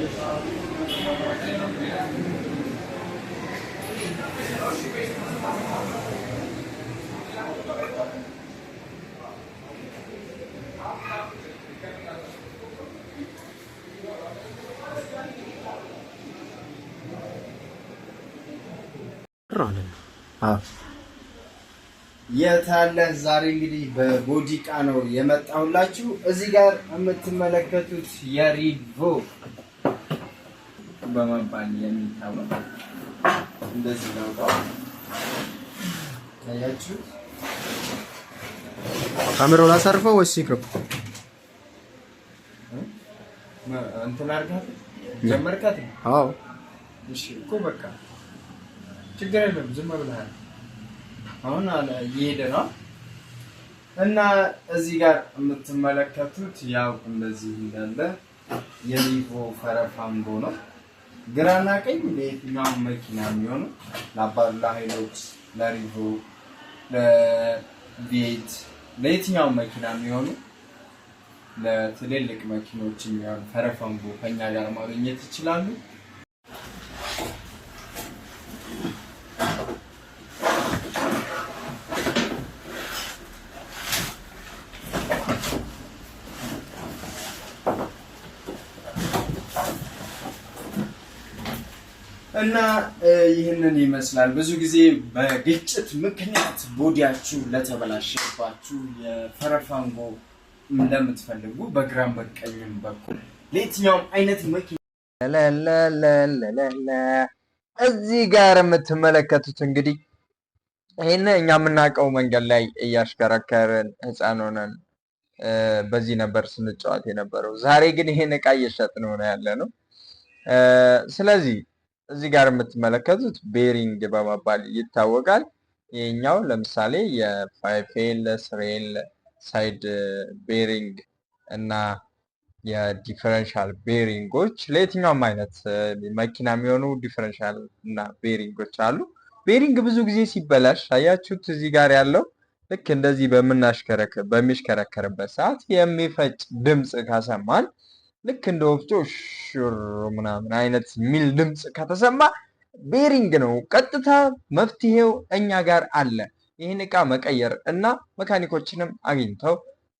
የታለን ዛሬ እንግዲህ በቦዲቃ ነው የመጣሁላችሁ። እዚህ ጋር የምትመለከቱት የሪቮ በመባል የሚታወቅ እንደዚህ ለውጣው ታያችሁ። ካሜራው ላሳርፈው ወይስ ይቅርብ? እንትን አድርጋት ጀመርካት? አዎ። እሺ እኮ በቃ ችግር የለም። ዝም ብለሃል። አሁን አለ እየሄደ ነው እና እዚህ ጋር የምትመለከቱት ያው እንደዚህ እንዳለ የቪቮ ፈረፋምቦ ነው። ግራና ቀኝ ለየትኛውም መኪና የሚሆኑ ለሃይሎክስ፣ ለሪቮ፣ ለቤት ለየትኛውም መኪና የሚሆኑ ለትልልቅ መኪኖች የሚሆኑ ፈረፈንጎ ከኛ ጋር ማግኘት ይችላሉ። እና ይህንን ይመስላል። ብዙ ጊዜ በግጭት ምክንያት ቦዲያችሁ ለተበላሸባችሁ የፈረፋንጎ እንደምትፈልጉ በግራም በቀኝም በኩል ለየትኛውም አይነት መኪና እዚህ ጋር የምትመለከቱት እንግዲህ ይህን እኛ የምናውቀው መንገድ ላይ እያሽከረከርን ህፃን ሆነን በዚህ ነበር ስንጫወት የነበረው። ዛሬ ግን ይሄን እቃ እየሸጥን ሆነ ያለ ነው። ስለዚህ እዚህ ጋር የምትመለከቱት ቤሪንግ በመባል ይታወቃል። ይህኛው ለምሳሌ የፋይፌል ስሬል ሳይድ ቤሪንግ እና የዲፈረንሻል ቤሪንጎች ለየትኛውም አይነት መኪና የሚሆኑ ዲፈረንሻል እና ቤሪንጎች አሉ። ቤሪንግ ብዙ ጊዜ ሲበላሽ አያችሁት፣ እዚህ ጋር ያለው ልክ እንደዚህ በሚሽከረከርበት ሰዓት የሚፈጭ ድምፅ ከሰማን ልክ እንደ ወፍጮ ሹር ምናምን አይነት የሚል ድምፅ ከተሰማ ቤሪንግ ነው። ቀጥታ መፍትሄው እኛ ጋር አለ። ይህን እቃ መቀየር እና መካኒኮችንም አግኝተው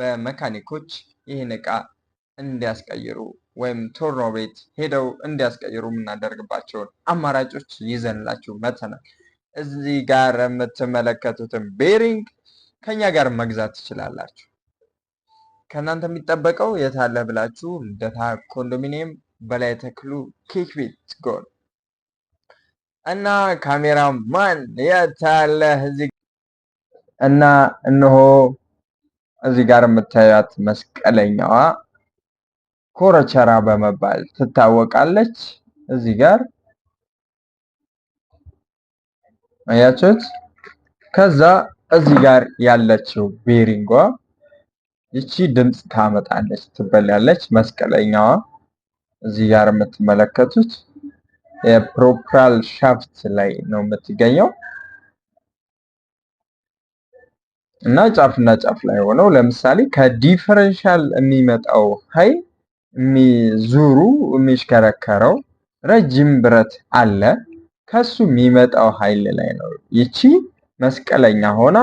በመካኒኮች ይህን እቃ እንዲያስቀይሩ ወይም ቶርኖ ቤት ሄደው እንዲያስቀይሩ የምናደርግባቸውን አማራጮች ይዘንላችሁ መተናል። እዚህ ጋር የምትመለከቱትን ቤሪንግ ከኛ ጋር መግዛት ትችላላችሁ። ከእናንተ የሚጠበቀው የት አለ ብላችሁ ልደታ ኮንዶሚኒየም በላይ ተክሉ ኬክ ቤት ጎን እና ካሜራማን የት አለ እዚህ እና እነሆ እዚህ ጋር የምታዩት መስቀለኛዋ ኮረቸራ በመባል ትታወቃለች። እዚህ ጋር አያችሁት? ከዛ እዚህ ጋር ያለችው ቤሪንጓ ይቺ ድምፅ ታመጣለች፣ ትበላለች። መስቀለኛዋ እዚህ ጋር የምትመለከቱት የፕሮፕራል ሻፍት ላይ ነው የምትገኘው እና ጫፍና ጫፍ ላይ ሆነው ለምሳሌ ከዲፈረንሻል የሚመጣው ኃይል የሚዙሩ የሚሽከረከረው ረጅም ብረት አለ። ከሱ የሚመጣው ኃይል ላይ ነው ይቺ መስቀለኛ ሆና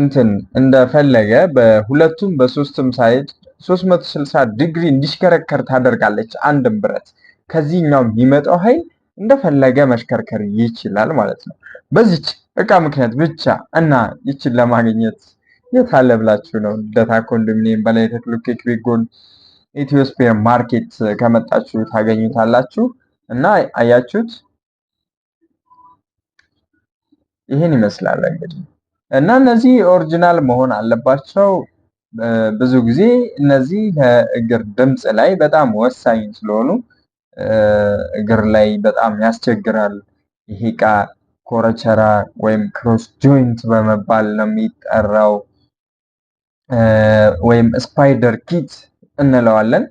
እንትን እንደፈለገ በሁለቱም በሶስትም ሳይድ 360 ዲግሪ እንዲሽከረከር ታደርጋለች። አንድም ብረት ከዚህኛው የሚመጣው ኃይል እንደፈለገ መሽከርከር ይችላል ማለት ነው። በዚች እቃ ምክንያት ብቻ እና ይችን ለማግኘት የታለ ብላችሁ ነው? ደታ ኮንዶሚኒየም በላይ ተክሉ ኬክ ቤት ኢትዮስፔር ማርኬት ከመጣችሁ ታገኙታላችሁ። እና አያችሁት፣ ይህን ይመስላል እንግዲህ እና እነዚህ ኦሪጂናል መሆን አለባቸው። ብዙ ጊዜ እነዚህ ለእግር ድምፅ ላይ በጣም ወሳኝ ስለሆኑ እግር ላይ በጣም ያስቸግራል። ይሄ እቃ ኮረቸራ ወይም ክሮስ ጆይንት በመባል ነው የሚጠራው፣ ወይም ስፓይደር ኪት እንለዋለን።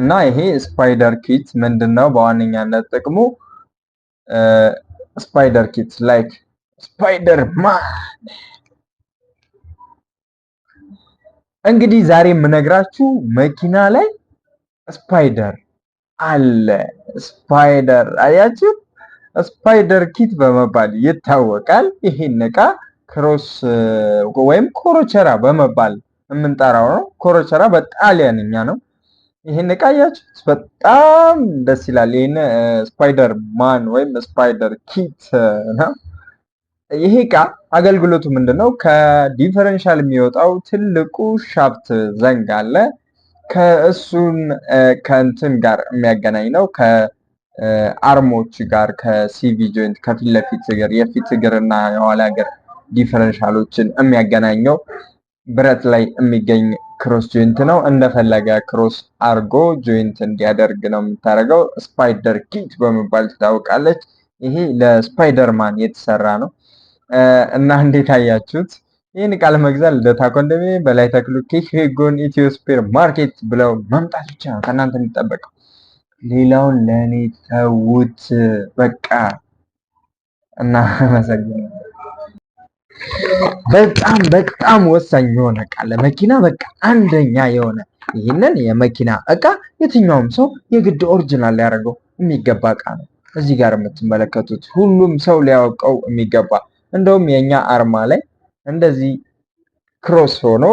እና ይሄ ስፓይደር ኪት ምንድን ነው? በዋነኛነት ጥቅሙ ስፓይደር ኪት ላይክ ስፓይደርማን እንግዲህ ዛሬ የምነግራችሁ መኪና ላይ ስፓይደር አለ። ስፓይደር አያችሁ፣ ስፓይደር ኪት በመባል ይታወቃል። ይሄን እቃ ክሮስ ወይም ኮሮቸራ በመባል የምንጠራው ነው። ኮሮቸራ በጣሊያንኛ ነው። ይሄን እቃ አያችሁ፣ በጣም ደስ ይላል። ይሄን ስፓይደር ማን ወይም ስፓይደር ኪት ነው። ይሄ እቃ አገልግሎቱ ምንድን ነው? ከዲፈረንሻል የሚወጣው ትልቁ ሻፍት ዘንግ አለ። ከእሱን ከእንትን ጋር የሚያገናኝ ነው። ከአርሞች ጋር ከሲቪ ጆይንት ከፊት ለፊት እግር የፊት እና የኋላ እግር ዲፈረንሻሎችን የሚያገናኘው ብረት ላይ የሚገኝ ክሮስ ጆይንት ነው። እንደፈለገ ክሮስ አርጎ ጆይንት እንዲያደርግ ነው የምታደርገው። ስፓይደር ኪት በመባል ትታወቃለች። ይሄ ለስፓይደርማን የተሰራ ነው። እና እንዴት አያችሁት? ይህን ቃል መግዛት ልደታ ኮንዶሚኒየም በላይ ተክሉ ኬክ ኢትዮስፔር ማርኬት ብለው መምጣት ብቻ ነው ከእናንተ የሚጠበቀው። ሌላውን ለእኔ ተዉት በቃ። እና መሰግናለሁ። በጣም በጣም ወሳኝ የሆነ ቃል ለመኪና በቃ አንደኛ የሆነ ይህንን የመኪና እቃ የትኛውም ሰው የግድ ኦሪጂናል ሊያደርገው የሚገባ እቃ ነው። እዚህ ጋር የምትመለከቱት ሁሉም ሰው ሊያውቀው የሚገባ እንደውም የኛ አርማ ላይ እንደዚህ ክሮስ ሆኖ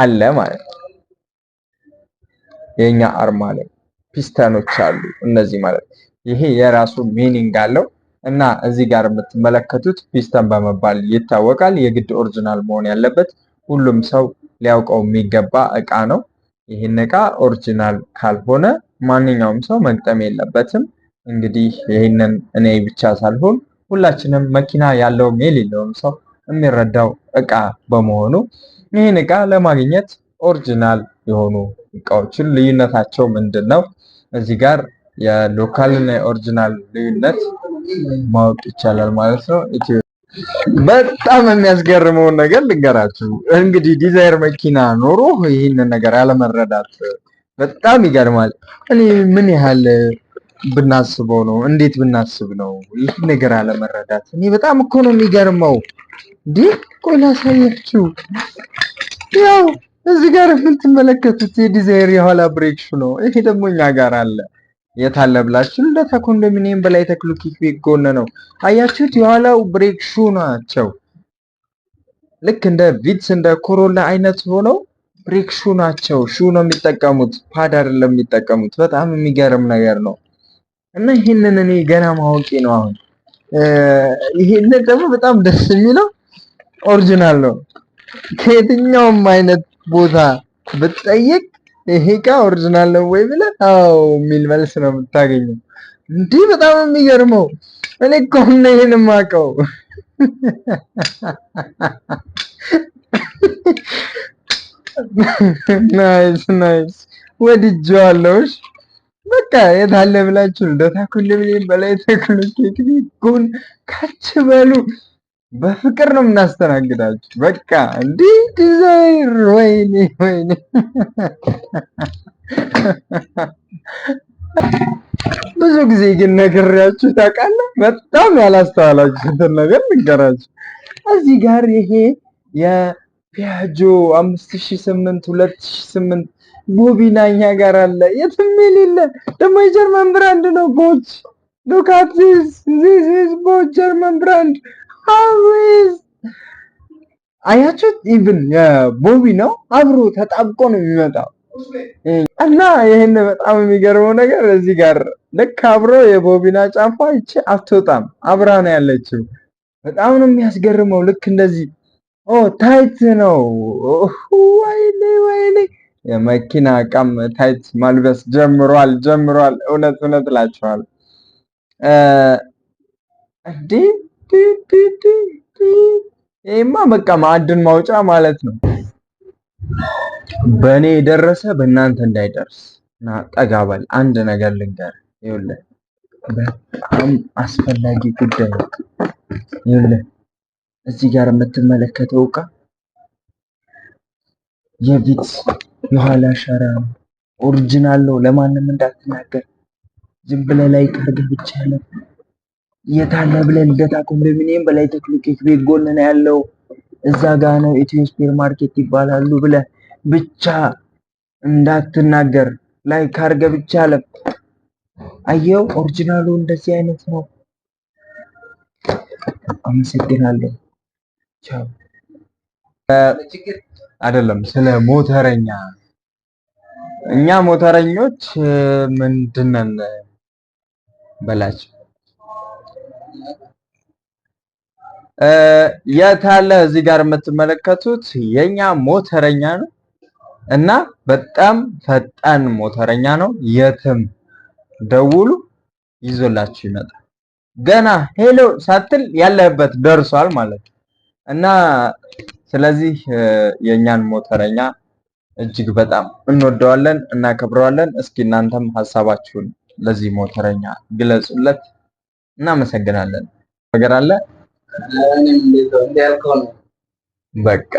አለ ማለት ነው። የኛ አርማ ላይ ፒስተኖች አሉ እነዚህ ማለት ይሄ የራሱ ሚኒንግ አለው እና እዚህ ጋር የምትመለከቱት ፒስተን በመባል ይታወቃል። የግድ ኦሪጂናል መሆን ያለበት ሁሉም ሰው ሊያውቀው የሚገባ እቃ ነው። ይህን እቃ ኦሪጂናል ካልሆነ ማንኛውም ሰው መግጠም የለበትም። እንግዲህ ይህንን እኔ ብቻ ሳልሆን ሁላችንም መኪና ያለውም የሌለውም ሰው የሚረዳው እቃ በመሆኑ ይህን እቃ ለማግኘት ኦሪጂናል የሆኑ እቃዎችን ልዩነታቸው ምንድን ነው? እዚህ ጋር የሎካልና የኦሪጂናል ልዩነት ማወቅ ይቻላል ማለት ነው። በጣም የሚያስገርመውን ነገር ልንገራችሁ። እንግዲህ ዲዛይር መኪና ኖሮ ይህንን ነገር ያለመረዳት በጣም ይገርማል። እኔ ምን ያህል ብናስበው ነው? እንዴት ብናስብ ነው? ይህ ነገር አለመረዳት እኔ በጣም እኮ ነው የሚገርመው። እንዲህ ቆይ ላሳያችሁ። ያው እዚህ ጋር የምትመለከቱት የዲዛይር የኋላ ብሬክሹ ነው። ይሄ ደግሞ እኛ ጋር አለ። የት አለ ብላችሁ ልደታ ኮንዶሚኒየም በላይ ተክሉ ኪክቤክ ጎን ነው። አያችሁት? የኋላው ብሬክሹ ናቸው። ልክ እንደ ቪትስ እንደ ኮሮላ አይነት ሆነው ብሬክ ሹ ናቸው። ሹ ነው የሚጠቀሙት፣ ፓድ አይደለም የሚጠቀሙት። በጣም የሚገርም ነገር ነው። እና ይሄንን እኔ ገና ማወቂ ነው። አሁን ይሄንን ደግሞ በጣም ደስ የሚለው ኦሪጂናል ነው። ከየትኛውም አይነት ቦታ ብትጠይቅ ይሄ እቃ ኦሪጂናል ነው ወይ ብለህ አዎ የሚል መልስ ነው የምታገኘው። እንዲህ በጣም የሚገርመው እኔ እኮ ነው ይሄን የማውቀው ናይስ ናይስ ወድጄዋለሁ። በቃ የት አለ ብላችሁ እንደ ታኩልብሌን በላይ ተክሎ ጎን ካች በሉ። በፍቅር ነው የምናስተናግዳችሁ። በቃ እንዲ ዲዛይር ወይኔ ወይኔ ብዙ ጊዜ ግን ነግሬያችሁ ታውቃለህ። በጣም ያላስተዋላችሁትን ነገር ንገራችሁ። እዚህ ጋር ይሄ የፒያጆ አምስት ሺ ስምንት ሁለት ሺ ስምንት ቦቢና እኛ ጋር አለ። የትም የሌለ ደግሞ የጀርመን ብራንድ ነው። ቦች ሉካት ዚስ ዚስ ቦች ጀርመን ብራንድ አዊዝ አያችሁት? ኢቭን የቦቢ ነው አብሮ ተጣብቆ ነው የሚመጣው እና ይህን በጣም የሚገርመው ነገር እዚህ ጋር ልክ አብሮ የቦቢና ጫፏ ይቺ አትወጣም፣ አብራ ነው ያለችው። በጣም ነው የሚያስገርመው። ልክ እንደዚህ ኦ ታይት ነው ወይኔ ወይኔ የመኪና እቃም ታይት ማልበስ ጀምሯል ጀምሯል። እውነት እውነት እላቸዋል ይህማ በቃ ማዕድን ማውጫ ማለት ነው። በእኔ የደረሰ በእናንተ እንዳይደርስ እና ጠጋባል አንድ ነገር ልንገር። ይኸውልህ በጣም አስፈላጊ ጉዳይ ነው። ይኸውልህ እዚህ ጋር የምትመለከተው እቃ የቪት የኋላ ሸራ ነው። ኦሪጂናል ነው። ለማንም እንዳትናገር ዝም ብለህ ላይ አድርገህ ብቻ ነው። የታለ አለ ብለህ ልደታ ኮንዶሚኒየም በላይ ተክሉ ቤት ጎን ነው ያለው። እዛ ጋ ነው ኢትዮ ስፔር ማርኬት ይባላሉ ብለህ ብቻ እንዳትናገር ላይ ካርገ ብቻ አለ። አየው። ኦሪጂናሉ እንደዚህ አይነት ነው። አመሰግናለሁ። ቻው አይደለም ስለ ሞተረኛ እኛ ሞተረኞች ምንድነን በላች። የታለ እዚህ ጋር የምትመለከቱት የኛ ሞተረኛ ነው እና በጣም ፈጣን ሞተረኛ ነው። የትም ደውሉ ይዞላችሁ ይመጣል። ገና ሄሎ ሳትል ያለህበት ደርሷል ማለት ነው እና ስለዚህ የእኛን ሞተረኛ እጅግ በጣም እንወደዋለን፣ እናከብረዋለን። እስኪ እናንተም ሀሳባችሁን ለዚህ ሞተረኛ ግለጹለት። እናመሰግናለን። ነገር አለ በቃ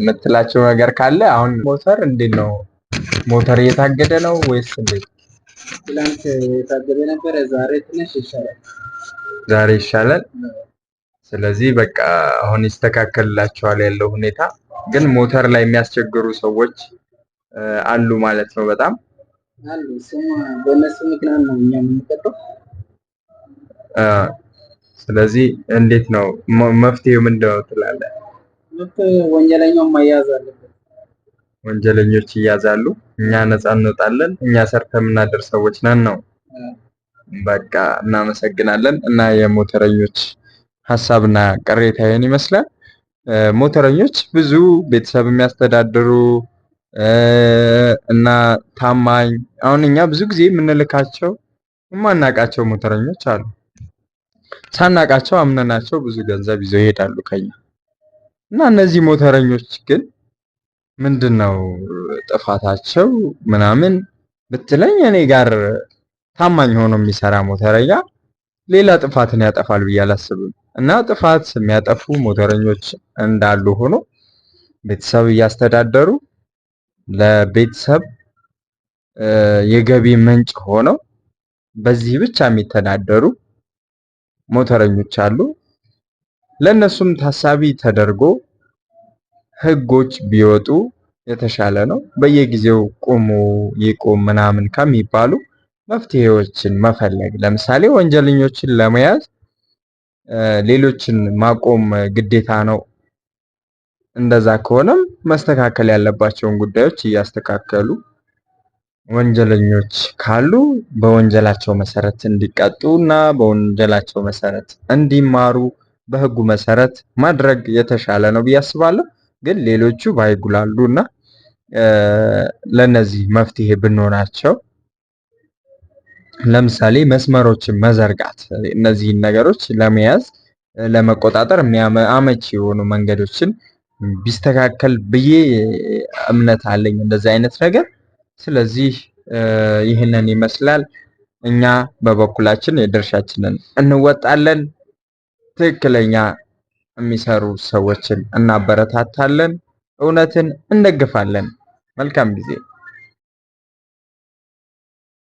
የምትላቸው ነገር ካለ አሁን ሞተር እንዴት ነው? ሞተር እየታገደ ነው ወይስ እንዴት? ትላንት የታገደ ነበረ። ዛሬ ትንሽ ይሻላል። ዛሬ ይሻላል። ስለዚህ በቃ አሁን ይስተካከልላቸዋል ያለው ሁኔታ። ግን ሞተር ላይ የሚያስቸግሩ ሰዎች አሉ ማለት ነው። በጣም አሉ። በእነሱ ምክንያት ነው እኛ የምንቀጠው። ስለዚህ እንዴት ነው መፍትሄው ምንድነው ትላለህ? ወንጀለኛው መያዝ አለበት። ወንጀለኞች ይያዛሉ። እኛ ነፃ እንወጣለን። እኛ ሰርተ የምናደር ሰዎች ነን ነው። በቃ እናመሰግናለን። እና የሞተረኞች ሀሳብና ቅሬታ ይህን ይመስላል። ሞተረኞች ብዙ ቤተሰብ የሚያስተዳድሩ እና ታማኝ አሁን እኛ ብዙ ጊዜ የምንልካቸው የማናቃቸው ሞተረኞች አሉ። ሳናቃቸው አምነናቸው ብዙ ገንዘብ ይዘው ይሄዳሉ ከኛ እና እነዚህ ሞተረኞች ግን ምንድን ነው ጥፋታቸው ምናምን ብትለኝ እኔ ጋር ታማኝ ሆኖ የሚሰራ ሞተረኛ ሌላ ጥፋትን ያጠፋል ብዬ አላስብም። እና ጥፋት የሚያጠፉ ሞተረኞች እንዳሉ ሆኖ ቤተሰብ እያስተዳደሩ ለቤተሰብ የገቢ ምንጭ ሆነው በዚህ ብቻ የሚተዳደሩ ሞተረኞች አሉ። ለእነሱም ታሳቢ ተደርጎ ሕጎች ቢወጡ የተሻለ ነው። በየጊዜው ቁሙ ይቁም ምናምን ከሚባሉ መፍትሄዎችን መፈለግ ለምሳሌ ወንጀለኞችን ለመያዝ ሌሎችን ማቆም ግዴታ ነው። እንደዛ ከሆነም መስተካከል ያለባቸውን ጉዳዮች እያስተካከሉ ወንጀለኞች ካሉ በወንጀላቸው መሰረት እንዲቀጡ እና በወንጀላቸው መሰረት እንዲማሩ በህጉ መሰረት ማድረግ የተሻለ ነው ብዬ አስባለሁ። ግን ሌሎቹ ባይጉላሉ እና ለእነዚህ መፍትሄ ብንሆናቸው ለምሳሌ መስመሮችን መዘርጋት እነዚህን ነገሮች ለመያዝ ለመቆጣጠር አመቺ የሆኑ መንገዶችን ቢስተካከል ብዬ እምነት አለኝ እንደዚህ አይነት ነገር። ስለዚህ ይህንን ይመስላል። እኛ በበኩላችን የድርሻችንን እንወጣለን። ትክክለኛ የሚሰሩ ሰዎችን እናበረታታለን። እውነትን እንደግፋለን። መልካም ጊዜ